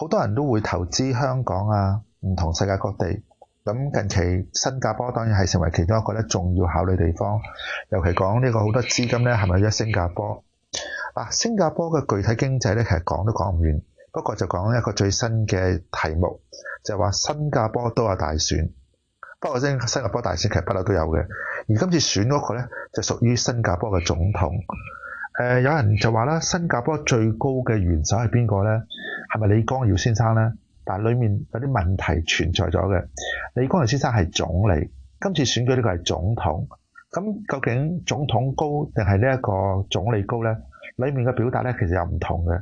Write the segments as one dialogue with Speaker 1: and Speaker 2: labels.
Speaker 1: 好多人都會投資香港啊，唔同世界各地。咁近期新加坡當然係成為其中一個咧重要考慮地方，尤其講呢個好多資金咧係咪去咗新加坡？嗱、啊，新加坡嘅具體經濟咧，其實講都講唔完。不過就講一個最新嘅題目，就係、是、話新加坡都有大選。不過，新加坡大選其實不嬲都有嘅。而今次選嗰個咧，就屬於新加坡嘅總統。誒、呃，有人就話啦，新加坡最高嘅元首係邊個咧？係咪李光耀先生呢？但係裡面有啲問題存在咗嘅。李光耀先生係總理，今次選舉呢個係總統。咁究竟總統高定係呢一個總理高呢？裡面嘅表達呢，其實又唔同嘅。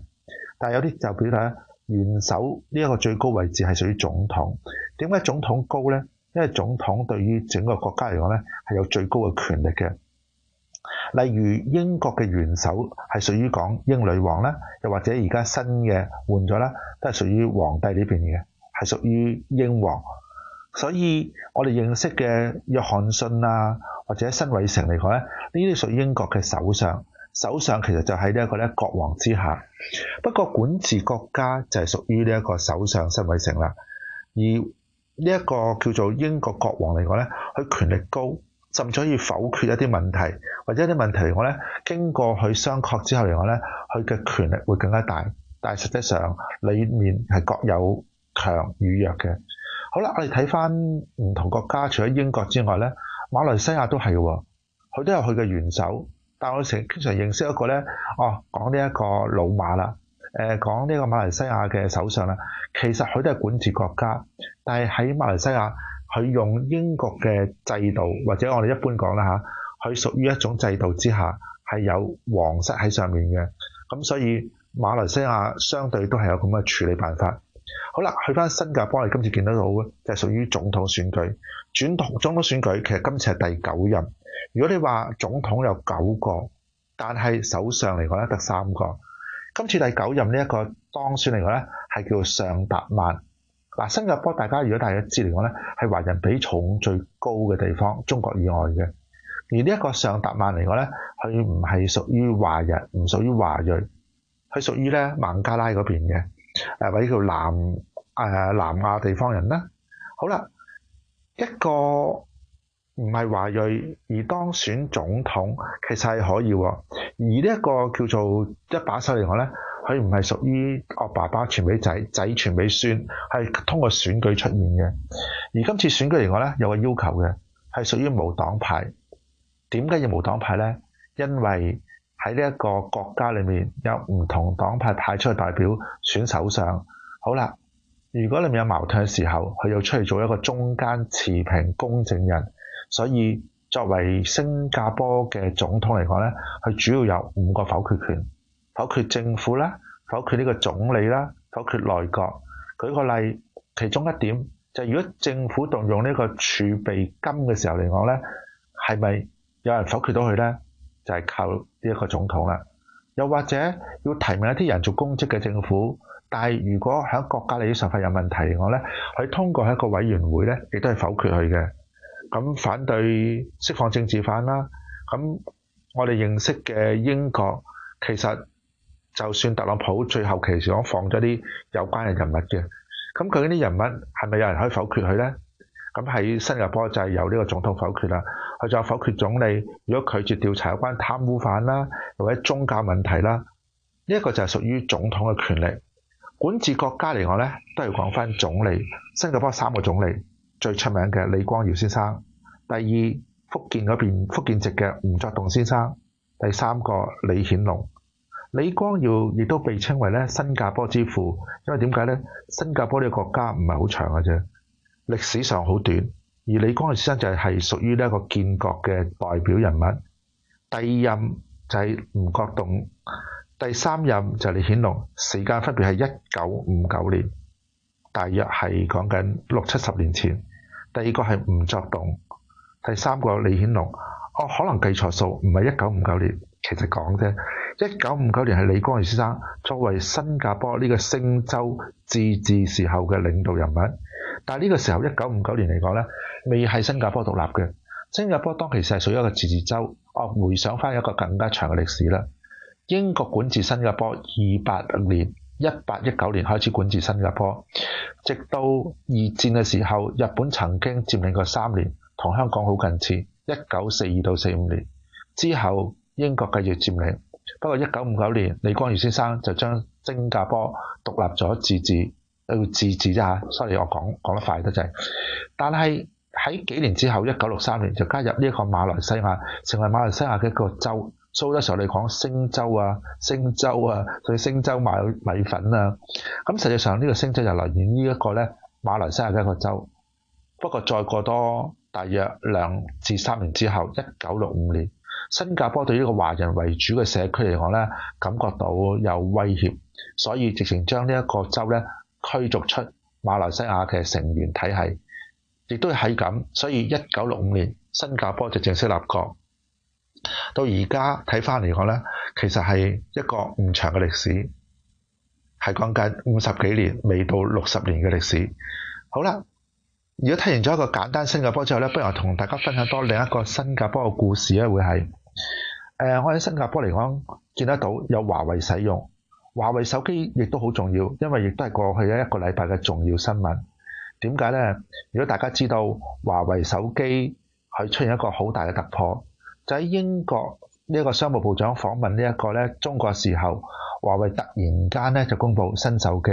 Speaker 1: 但係有啲就表達元首呢一個最高位置係屬於總統。點解總統高呢？因為總統對於整個國家嚟講呢係有最高嘅權力嘅。例如英國嘅元首係屬於講英女王咧，又或者而家新嘅換咗咧，都係屬於皇帝呢邊嘅，係屬於英王。所以我哋認識嘅約翰遜啊，或者辛偉誠嚟講咧，呢啲屬於英國嘅首相。首相其實就喺呢一個咧國王之下，不過管治國家就係屬於呢一個首相辛偉誠啦。而呢一個叫做英國國王嚟講咧，佢權力高。甚至可以否決一啲問題，或者一啲問題嚟咧，經過佢商榷之後嚟講咧，佢嘅權力會更加大。但係實際上裏面係各有強與弱嘅。好啦，我哋睇翻唔同國家，除咗英國之外咧，馬來西亞都係嘅。佢都有佢嘅元首，但我成經常認識一個咧，哦，講呢一個老馬啦，呃，講呢個馬來西亞嘅首相啦，其實佢都係管治國家，但係喺馬來西亞。佢用英國嘅制度，或者我哋一般講啦嚇，佢屬於一種制度之下，係有皇室喺上面嘅。咁所以馬來西亞相對都係有咁嘅處理辦法。好啦，去翻新加坡，你今次見得到咧，就係屬於總統選舉，轉總統選舉其實今次係第九任。如果你話總統有九個，但係首相嚟講咧得三個。今次第九任呢一個當選嚟講咧，係叫做尚達曼。嗱，新加坡大家如果大家知嚟講咧，係華人比重最高嘅地方，中國以外嘅。而呢一個上達曼嚟講咧，佢唔係屬於華人，唔屬於華裔，佢屬於咧孟加拉嗰邊嘅，誒、呃、或者叫南誒、呃、南亞地方人啦。好啦，一個唔係華裔而當選總統，其實係可以喎。而呢一個叫做一把手嚟講咧。佢唔係屬於我爸爸傳俾仔，仔傳俾孫，係通過選舉出現嘅。而今次選舉嚟講咧，有個要求嘅，係屬於無黨派。點解要無黨派呢？因為喺呢一個國家裏面有唔同黨派派出去代表選首相。好啦，如果裡面有矛盾嘅時候，佢又出嚟做一個中間持平公正人。所以作為新加坡嘅總統嚟講咧，佢主要有五個否決權。否決政府啦，否決呢個總理啦，否決內閣。舉個例，其中一點就係如果政府動用呢個儲備金嘅時候嚟講咧，係咪有人否決到佢咧？就係靠呢一個總統啦。又或者要提名一啲人做公職嘅政府，但係如果喺國家利益受罰有問題嚟講咧，佢通過一個委員會咧，亦都係否決佢嘅。咁反對釋放政治犯啦。咁我哋認識嘅英國其實。就算特朗普最後期時講放咗啲有關嘅人物嘅，咁佢嗰啲人物係咪有人可以否決佢呢？咁喺新加坡就係由呢個總統否決啦。佢再否決總理，如果拒絕調查有關貪污犯啦，或者宗教問題啦，呢一個就係屬於總統嘅權力，管治國家嚟講呢，都要講翻總理。新加坡三個總理最出名嘅李光耀先生，第二福建嗰邊福建籍嘅吳作棟先生，第三個李顯龍。李光耀亦都被稱為咧新加坡之父，因為點解咧？新加坡呢個國家唔係好長嘅啫，歷史上好短。而李光耀先生就係屬於呢一個建國嘅代表人物。第二任就係吳國棟，第三任就係李顯龍，時間分別係一九五九年，大約係講緊六七十年前。第二個係吳作棟，第三個李顯龍。哦，可能計錯數，唔係一九五九年，其實講啫。一九五九年係李光耀先生作為新加坡呢個星洲自治時候嘅領導人物，但係呢個時候一九五九年嚟講呢未係新加坡獨立嘅。新加坡當其時係屬於一個自治州。我回想返一個更加長嘅歷史啦。英國管治新加坡二八年一八一九年開始管治新加坡，直到二戰嘅時候，日本曾經佔領過三年，同香港好近似。一九四二到四五年之後，英國繼續佔領。不過一九五九年，李光耀先生就將新加坡獨立咗自治，都要自治啫嚇。sorry，我講講得快得滯。但係喺幾年之後，一九六三年就加入呢一個馬來西亞，成為馬來西亞嘅一個州。所以好多時候你講星洲啊、星洲啊，所以星洲買米粉啊。咁實際上呢個星洲就來源於一個咧馬來西亞嘅一個州。不過再過多大約兩至三年之後，一九六五年。新加坡對呢個華人為主嘅社區嚟講咧，感覺到有威脅，所以直情將呢一個州咧驅逐出馬來西亞嘅成員體系，亦都係咁。所以一九六五年新加坡就正式立國。到而家睇翻嚟講咧，其實係一個唔長嘅歷史，係講緊五十幾年，未到六十年嘅歷史。好啦。如果睇完咗一個簡單新加坡之後咧，不如我同大家分享多另一個新加坡嘅故事咧，會係誒。我喺新加坡嚟講見得到有華為使用華為手機，亦都好重要，因為亦都係過去咧一個禮拜嘅重要新聞。點解咧？如果大家知道華為手機係出現一個好大嘅突破，就喺英國呢一個商務部長訪問呢一個咧中國時候，華為突然間咧就公佈新手機，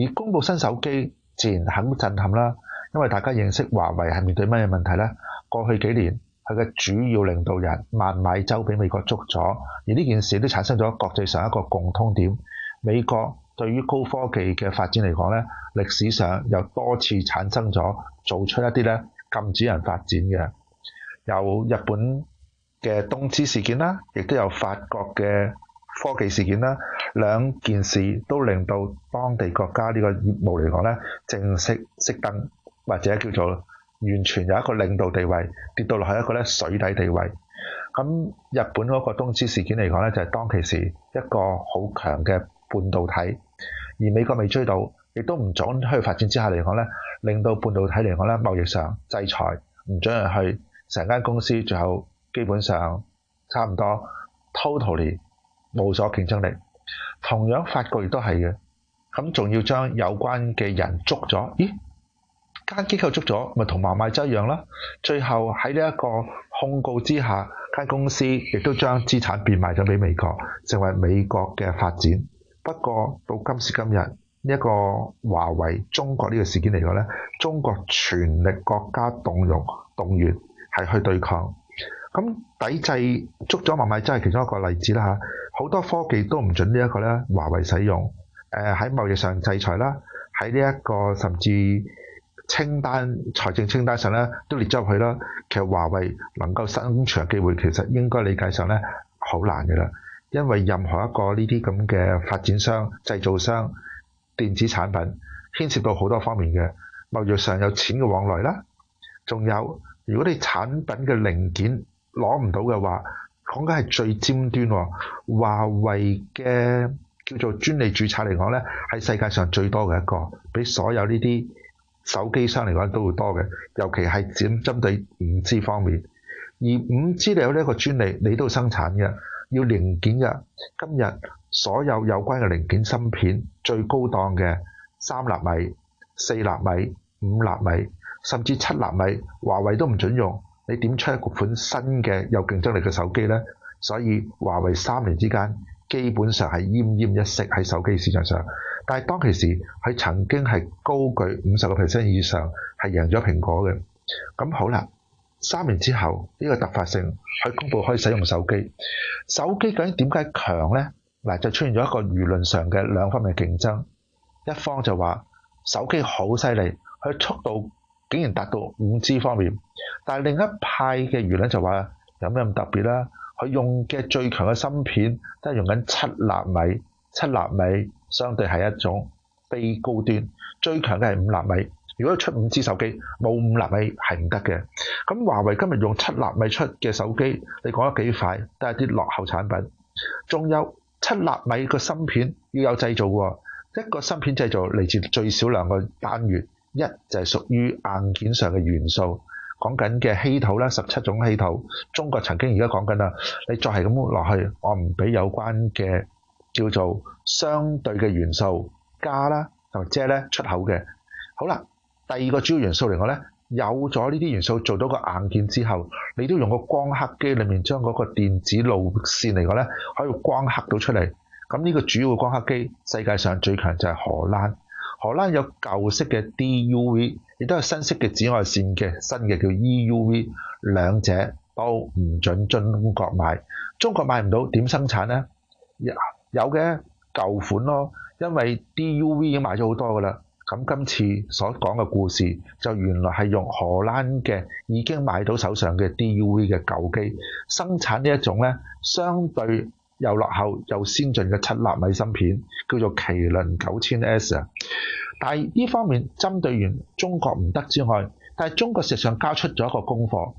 Speaker 1: 而公布新手機自然很震撼啦。因為大家認識華為係面對乜嘢問題咧？過去幾年佢嘅主要領導人孟晚舟俾美國捉咗，而呢件事都產生咗國際上一個共通點。美國對於高科技嘅發展嚟講咧，歷史上又多次產生咗做出一啲咧禁止人發展嘅，由日本嘅東芝事件啦，亦都有法國嘅科技事件啦，兩件事都令到當地國家呢個業務嚟講咧正式熄燈。或者叫做完全有一個領導地位，跌到落去一個咧水底地位。咁日本嗰個東芝事件嚟講咧，就係當其時一個好強嘅半導體，而美國未追到，亦都唔准去發展之下嚟講咧，令到半導體嚟講咧貿易上制裁唔准入去，成間公司最後基本上差唔多 totally 冇咗競爭力。同樣法國亦都係嘅，咁仲要將有關嘅人捉咗，咦？間機構捉咗，咪同孟晚舟一樣啦。最後喺呢一個控告之下，間公司亦都將資產變賣咗俾美國，成為美國嘅發展。不過到今時今日，呢、這、一個華為中國呢個事件嚟講咧，中國全力國家動容動員係去對抗咁抵制，捉咗孟晚舟係其中一個例子啦。嚇，好多科技都唔準呢一個咧，華為使用誒喺貿易上制裁啦，喺呢一個甚至。清單財政清單上咧都列咗入去啦。其實華為能夠生存嘅機會，其實應該理解上咧好難嘅啦。因為任何一個呢啲咁嘅發展商、製造商、電子產品牽涉到好多方面嘅，貿易上有錢嘅往來啦。仲有如果你產品嘅零件攞唔到嘅話，講緊係最尖端喎、哦。華為嘅叫做專利註冊嚟講咧，喺世界上最多嘅一個，比所有呢啲。手機商嚟講都會多嘅，尤其係針針對五 G 方面。而五 G 你有呢個專利，你都生產嘅要零件嘅。今日所有有關嘅零件芯片最高檔嘅三納米、四納米、五納米，甚至七納米，華為都唔準用。你點出一款新嘅有競爭力嘅手機呢？所以華為三年之間。基本上係奄奄一息喺手機市場上艷艷，但係當其時佢曾經係高踞五十個 percent 以上係贏咗蘋果嘅。咁好啦，三年之後呢、呢個突發性佢公布可以使用手機，手機究竟點解強呢？嗱，就出現咗一個輿論上嘅兩方面競爭。一方就話手機好犀利，佢速度竟然達到五 G 方面，但係另一派嘅輿論就話有咩咁特別啦？佢用嘅最強嘅芯片都係用緊七納米，七納米相對係一種非高端。最強嘅係五納米。如果出五 G 手機，冇五納米係唔得嘅。咁華為今日用七納米出嘅手機，你講得幾快，都係啲落後產品。仲有七納米個芯片要有製造喎，一個芯片製造嚟自最少兩個單元，一就係屬於硬件上嘅元素。講緊嘅稀土啦，十七種稀土，中國曾經而家講緊啦，你再係咁落去，我唔俾有關嘅叫做相對嘅元素加啦同埋即咧出口嘅。好啦，第二個主要元素嚟講咧，有咗呢啲元素做到個硬件之後，你都用個光刻機裡面將嗰個電子路線嚟講咧，可以光刻到出嚟。咁呢個主要嘅光刻機世界上最強就係荷蘭。荷蘭有舊式嘅 DUV，亦都有新式嘅紫外線嘅新嘅叫 EUV，兩者都唔準進中國買。中國買唔到點生產呢？有嘅舊款咯，因為 DUV 已經買咗好多噶啦。咁今次所講嘅故事，就原來係用荷蘭嘅已經買到手上嘅 DUV 嘅舊機生產呢一種咧，相對。又落後又先進嘅七納米芯片，叫做麒麟九千 S 啊！但係呢方面針對完中國唔得之外，但係中國實際上交出咗一個功課，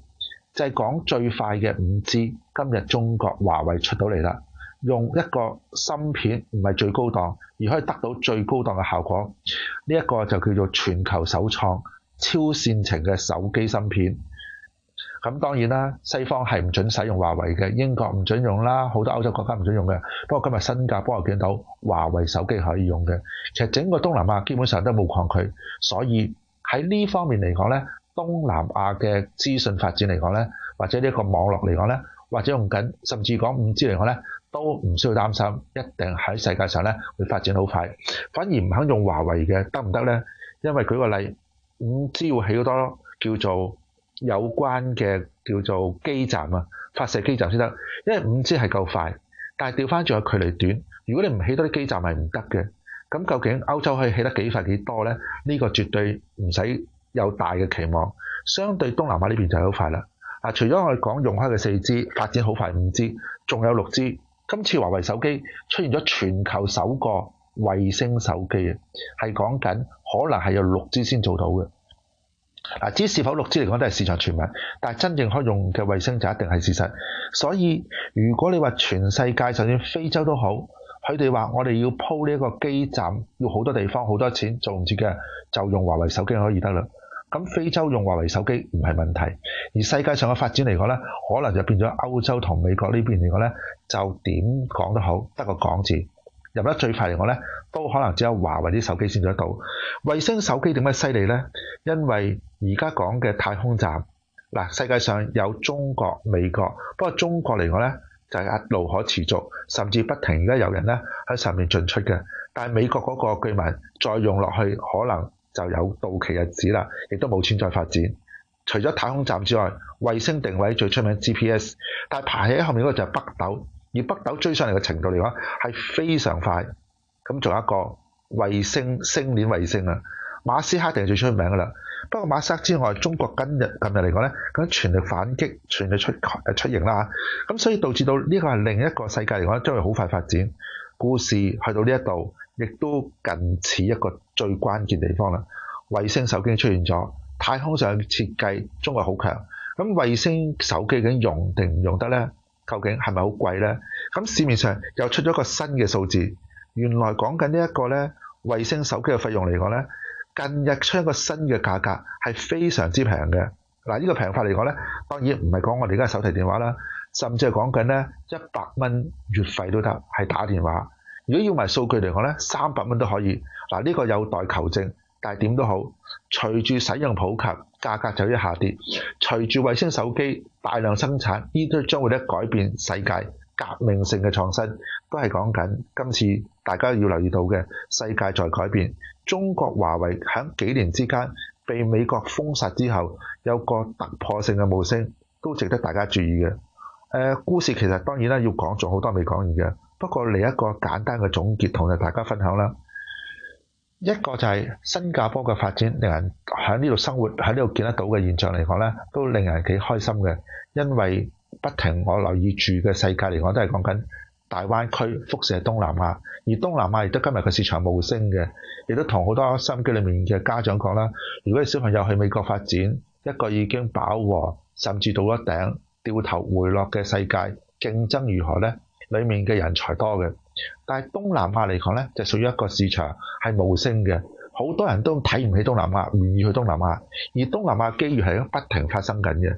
Speaker 1: 就係、是、講最快嘅五 G，今日中國華為出到嚟啦，用一個芯片唔係最高檔，而可以得到最高檔嘅效果，呢、這、一個就叫做全球首創超線程嘅手機芯片。咁當然啦，西方係唔準使用華為嘅，英國唔準用啦，好多歐洲國家唔準用嘅。不過今日新加坡又見到華為手機可以用嘅。其實整個東南亞基本上都冇抗拒，所以喺呢方面嚟講咧，東南亞嘅資訊發展嚟講咧，或者呢一個網絡嚟講咧，或者用緊，甚至講五 G 嚟講咧，都唔需要擔心，一定喺世界上咧會發展好快。反而唔肯用華為嘅得唔得咧？因為舉個例，五 G 會起好多叫做。有關嘅叫做基站啊，發射基站先得，因為五 G 係夠快，但係調翻仲有距離短。如果你唔起多啲基站係唔得嘅，咁究竟歐洲可以起得幾快幾多咧？呢個絕對唔使有大嘅期望。相對東南亞呢邊就好快啦。啊，除咗我哋講用開嘅四 G 發展好快，五 G 仲有六 G。今次華為手機出現咗全球首個衛星手機啊，係講緊可能係有六 G 先做到嘅。至於是否六 G 嚟講都係市場傳聞，但係真正可以用嘅衛星就一定係事實。所以如果你話全世界，就算非洲都好，佢哋話我哋要鋪呢個基站，要好多地方好多錢做唔住嘅，就用華為手機可以得啦。咁非洲用華為手機唔係問題，而世界上嘅發展嚟講呢，可能就變咗歐洲同美國呢邊嚟講呢，就點講都好，得個講字。入得最快嚟講咧，都可能只有華為啲手機先做得到。衛星手機點解犀利咧？因為而家講嘅太空站嗱，世界上有中國、美國，不過中國嚟講咧就係一路可持續，甚至不停而家有人咧喺上面進出嘅。但係美國嗰個居民再用落去，可能就有到期日子啦，亦都冇錢再發展。除咗太空站之外，衛星定位最出名 GPS，但係排喺後面嗰個就係北斗。而北斗追上嚟嘅程度嚟講，係非常快。咁仲有一個衛星星鏈衛星啊，馬斯克定係最出名㗎喇。不過馬斯克之外，中國今日近日嚟講咧，咁全力反擊，全力出出營啦嚇。咁所以導致到呢個係另一個世界嚟講，將會好快發展。故事去到呢一度，亦都近似一個最關鍵地方啦。衛星手機出現咗，太空上嘅設計中國好強。咁衛星手機究竟用定唔用得咧？究竟係咪好貴呢？咁市面上又出咗個新嘅數字，原來講緊呢一個呢衛星手機嘅費用嚟講呢，近日出一個新嘅價格係非常之平嘅。嗱，呢個平法嚟講呢，當然唔係講我哋而家手提電話啦，甚至係講緊呢一百蚊月費都得，係打電話。如果要埋數據嚟講呢，三百蚊都可以。嗱，呢個有待求證，但係點都好，隨住使用普及。價格就一下跌，隨住衛星手機大量生產，呢都將會咧改變世界，革命性嘅創新，都係講緊今次大家要留意到嘅世界在改變。中國華為喺幾年之間被美國封殺之後，有個突破性嘅冒升，都值得大家注意嘅。呃，故事其實當然啦，要講仲好多未講完嘅，不過嚟一個簡單嘅總結同大家分享啦。一個就係新加坡嘅發展，令人喺呢度生活喺呢度見得到嘅現象嚟講咧，都令人幾開心嘅。因為不停我留意住嘅世界嚟講，都係講緊大灣區輻射東南亞，而東南亞亦都今日嘅市場無升嘅，亦都同好多心機裏面嘅家長講啦。如果小朋友去美國發展，一個已經飽和甚至到咗頂，掉頭回落嘅世界，競爭如何咧？裏面嘅人才多嘅。但係東南亞嚟講咧，就屬於一個市場係無聲嘅，好多人都睇唔起東南亞，唔願意去東南亞。而東南亞機遇係不停發生緊嘅，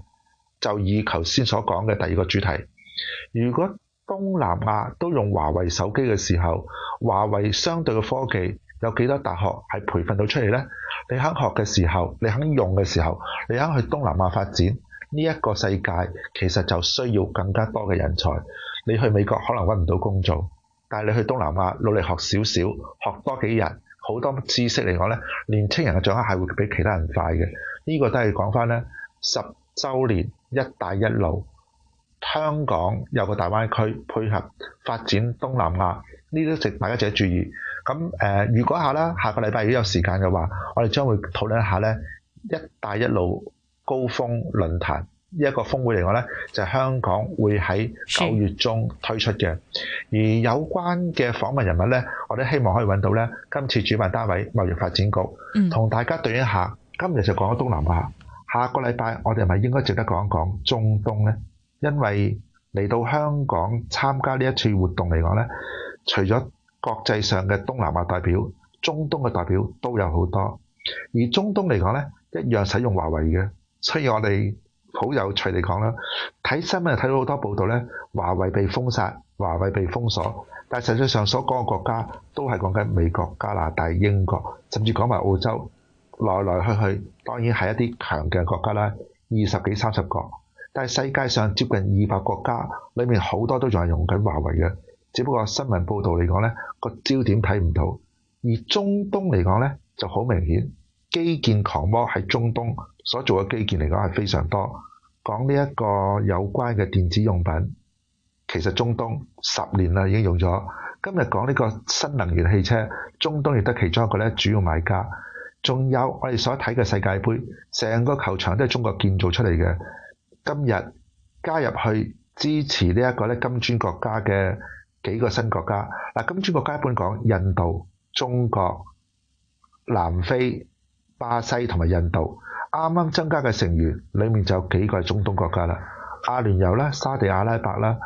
Speaker 1: 就以頭先所講嘅第二個主題。如果東南亞都用華為手機嘅時候，華為相對嘅科技有幾多大學係培訓到出嚟呢？你肯學嘅時候，你肯用嘅時候，你肯去東南亞發展呢一個世界，其實就需要更加多嘅人才。你去美國可能搵唔到工作。但帶你去東南亞努力學少少，學多幾日，好多知識嚟講咧，年青人嘅掌握係會比其他人快嘅。呢、這個都係講翻咧十週年一帶一路，香港有個大灣區配合發展東南亞，呢啲值得大家注意。咁誒，預、呃、告下啦，下個禮拜如果有時間嘅話，我哋將會討論一下咧一帶一路高峰論壇。呢一個峯會嚟講咧，就係香港會喺九月中推出嘅。而有關嘅訪問人物咧，我都希望可以揾到咧。今次主辦單位貿易發展局，同大家對一下。今日就講咗東南亞，下個禮拜我哋係咪應該值得講一講中東咧？因為嚟到香港參加呢一次活動嚟講咧，除咗國際上嘅東南亞代表，中東嘅代表都有好多。而中東嚟講咧，一樣使用華為嘅，所以我哋。好有趣嚟講啦，睇新聞就睇到好多報道咧，華為被封殺、華為被封鎖，但實際上所講嘅國家都係講緊美國、加拿大、英國，甚至講埋澳洲，來來去去當然係一啲強嘅國家啦，二十幾三十個，但係世界上接近二百國家裏面好多都仲係用緊華為嘅，只不過新聞報道嚟講咧，個焦點睇唔到，而中東嚟講咧就好明顯，基建狂魔喺中東。所做嘅基建嚟講係非常多，講呢一個有關嘅電子用品，其實中東十年啦已經用咗。今日講呢個新能源汽車，中東亦都其中一個咧主要買家。仲有我哋所睇嘅世界盃，成個球場都係中國建造出嚟嘅。今日加入去支持呢一個咧金磚國家嘅幾個新國家。嗱，金磚國家一般講印度、中國、南非。巴西同埋印度啱啱增加嘅成員裏面就有幾個中東國家啦。阿聯酋啦、沙地阿拉伯啦，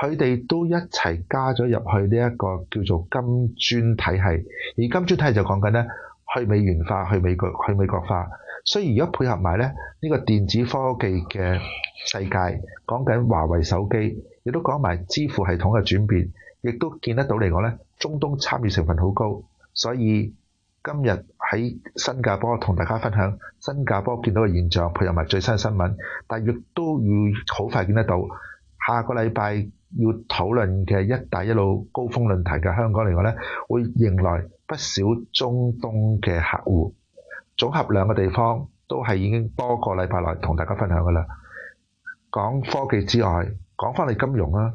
Speaker 1: 佢哋都一齊加咗入去呢一個叫做金磚體系。而金磚體系就講緊咧去美元化、去美國去美國化。所以如果配合埋咧呢個電子科技嘅世界，講緊華為手機亦都講埋支付系統嘅轉變，亦都見得到嚟講咧中東參與成分好高，所以。今日喺新加坡同大家分享新加坡見到嘅現象，譬如係最新新聞，但亦都要好快見得到。下個禮拜要討論嘅「一帶一路」高峰論壇嘅香港嚟講咧，會迎來不少中東嘅客戶。總合兩個地方都係已經多個禮拜內同大家分享㗎啦。講科技之外，講翻嚟金融啦。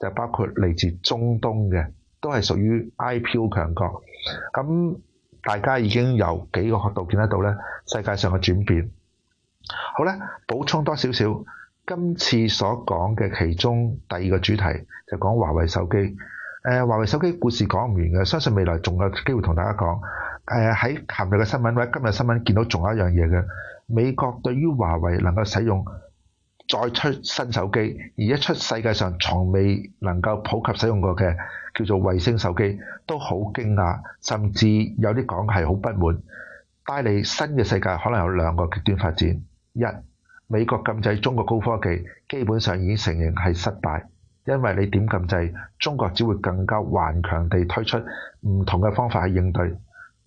Speaker 1: 就包括嚟自中東嘅，都係屬於 IPO 強國。咁大家已經由幾個角度見得到咧，世界上嘅轉變。好咧，補充多少少今次所講嘅其中第二個主題，就講華為手機。誒、呃，華為手機故事講唔完嘅，相信未來仲有機會同大家講。誒、呃，喺琴日嘅新聞或者今日新聞見到仲有一樣嘢嘅，美國對於華為能夠使用。再出新手機，而一出世界上從未能夠普及使用過嘅叫做衛星手機，都好驚訝，甚至有啲講係好不滿。帶嚟新嘅世界可能有兩個極端發展：一美國禁制中國高科技，基本上已經承認係失敗，因為你點禁制中國，只會更加頑強地推出唔同嘅方法去應對。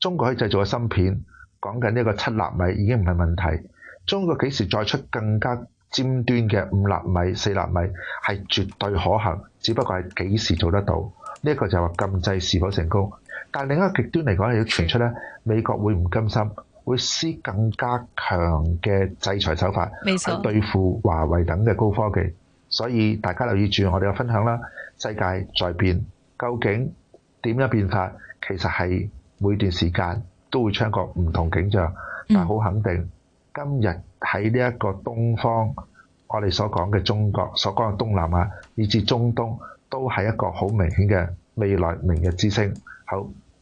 Speaker 1: 中國可以製造嘅芯片講緊呢個七納米已經唔係問題。中國幾時再出更加尖端嘅五納米、四納米係絕對可行，只不過係幾時做得到？呢一個就話禁制是否成功？但係另一個極端嚟講，有傳出咧，美國會唔甘心，會施更加強嘅制裁手法去對付華為等嘅高科技。所以大家留意住我哋嘅分享啦。世界在變，究竟點樣變化？其實係每段時間都會穿過唔同景象，但係好肯定今日。喺呢一個東方，我哋所講嘅中國，所講嘅東南亞，以至中東，都係一個好明顯嘅未來明日之星。好。